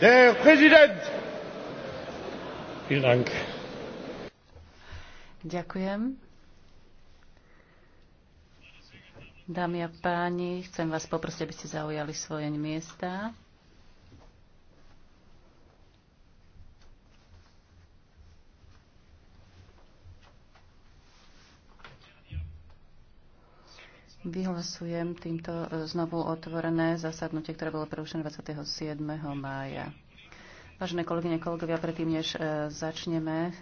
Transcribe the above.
Der Präsident! Vielen Dank. Ďakujem. Dámy a páni, chcem vás poprosiť, aby ste zaujali svoje miesta. Vyhlasujem týmto e, znovu otvorené zasadnutie, ktoré bolo prerušené 27. mája. Vážené kolegyne, kolegovia, predtým, než e, začneme